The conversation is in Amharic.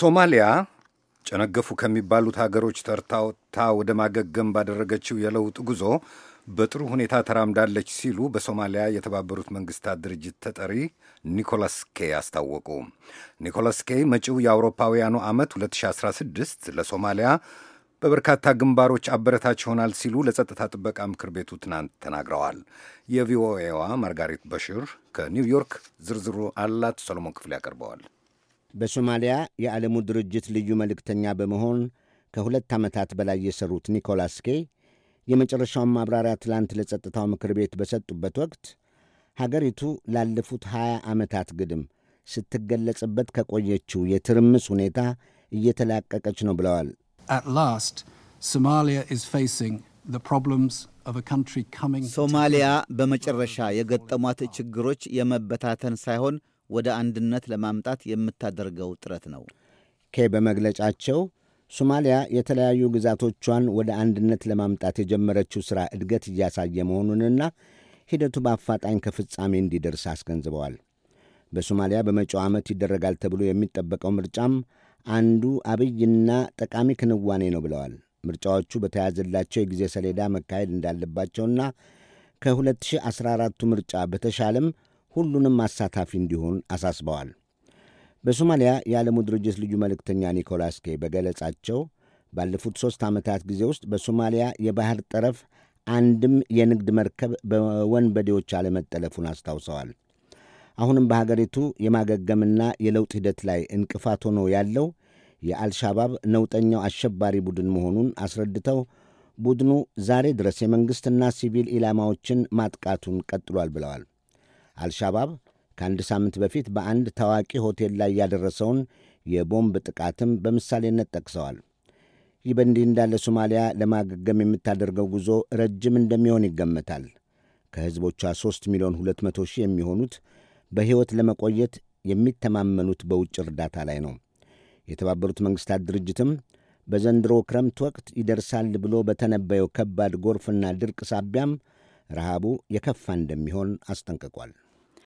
ሶማሊያ ጨነገፉ ከሚባሉት ሀገሮች ተርታውታ ወደ ማገገም ባደረገችው የለውጥ ጉዞ በጥሩ ሁኔታ ተራምዳለች ሲሉ በሶማሊያ የተባበሩት መንግስታት ድርጅት ተጠሪ ኒኮላስ ኬይ አስታወቁ። ኒኮላስ ኬይ መጪው የአውሮፓውያኑ ዓመት 2016 ለሶማሊያ በበርካታ ግንባሮች አበረታች ይሆናል ሲሉ ለጸጥታ ጥበቃ ምክር ቤቱ ትናንት ተናግረዋል። የቪኦኤዋ ማርጋሪት በሽር ከኒውዮርክ ዝርዝሩ አላት። ሰሎሞን ክፍሌ ያቀርበዋል። በሶማሊያ የዓለሙ ድርጅት ልዩ መልእክተኛ በመሆን ከሁለት ዓመታት በላይ የሠሩት ኒኮላስ ኬይ የመጨረሻውን ማብራሪያ ትላንት ለጸጥታው ምክር ቤት በሰጡበት ወቅት ሀገሪቱ ላለፉት 20 ዓመታት ግድም ስትገለጽበት ከቆየችው የትርምስ ሁኔታ እየተላቀቀች ነው ብለዋል። ሶማሊያ በመጨረሻ የገጠሟት ችግሮች የመበታተን ሳይሆን ወደ አንድነት ለማምጣት የምታደርገው ጥረት ነው። ኬ በመግለጫቸው ሶማሊያ የተለያዩ ግዛቶቿን ወደ አንድነት ለማምጣት የጀመረችው ሥራ እድገት እያሳየ መሆኑንና ሂደቱ በአፋጣኝ ከፍጻሜ እንዲደርስ አስገንዝበዋል። በሶማሊያ በመጪው ዓመት ይደረጋል ተብሎ የሚጠበቀው ምርጫም አንዱ አብይና ጠቃሚ ክንዋኔ ነው ብለዋል። ምርጫዎቹ በተያዘላቸው የጊዜ ሰሌዳ መካሄድ እንዳለባቸውና ከ2014ቱ ምርጫ በተሻለም ሁሉንም አሳታፊ እንዲሆን አሳስበዋል። በሶማሊያ የዓለሙ ድርጅት ልዩ መልእክተኛ ኒኮላስ ኬ በገለጻቸው ባለፉት ሦስት ዓመታት ጊዜ ውስጥ በሶማሊያ የባህር ጠረፍ አንድም የንግድ መርከብ በወንበዴዎች አለመጠለፉን አስታውሰዋል። አሁንም በሀገሪቱ የማገገምና የለውጥ ሂደት ላይ እንቅፋት ሆኖ ያለው የአልሻባብ ነውጠኛው አሸባሪ ቡድን መሆኑን አስረድተው ቡድኑ ዛሬ ድረስ የመንግሥትና ሲቪል ኢላማዎችን ማጥቃቱን ቀጥሏል ብለዋል። አልሻባብ ከአንድ ሳምንት በፊት በአንድ ታዋቂ ሆቴል ላይ ያደረሰውን የቦምብ ጥቃትም በምሳሌነት ጠቅሰዋል። ይህ በእንዲህ እንዳለ ሶማሊያ ለማገገም የምታደርገው ጉዞ ረጅም እንደሚሆን ይገመታል። ከሕዝቦቿ 3 ሚሊዮን 200 ሺህ የሚሆኑት በሕይወት ለመቆየት የሚተማመኑት በውጭ እርዳታ ላይ ነው። የተባበሩት መንግሥታት ድርጅትም በዘንድሮ ክረምት ወቅት ይደርሳል ብሎ በተነበየው ከባድ ጎርፍና ድርቅ ሳቢያም ረሃቡ የከፋ እንደሚሆን አስጠንቅቋል።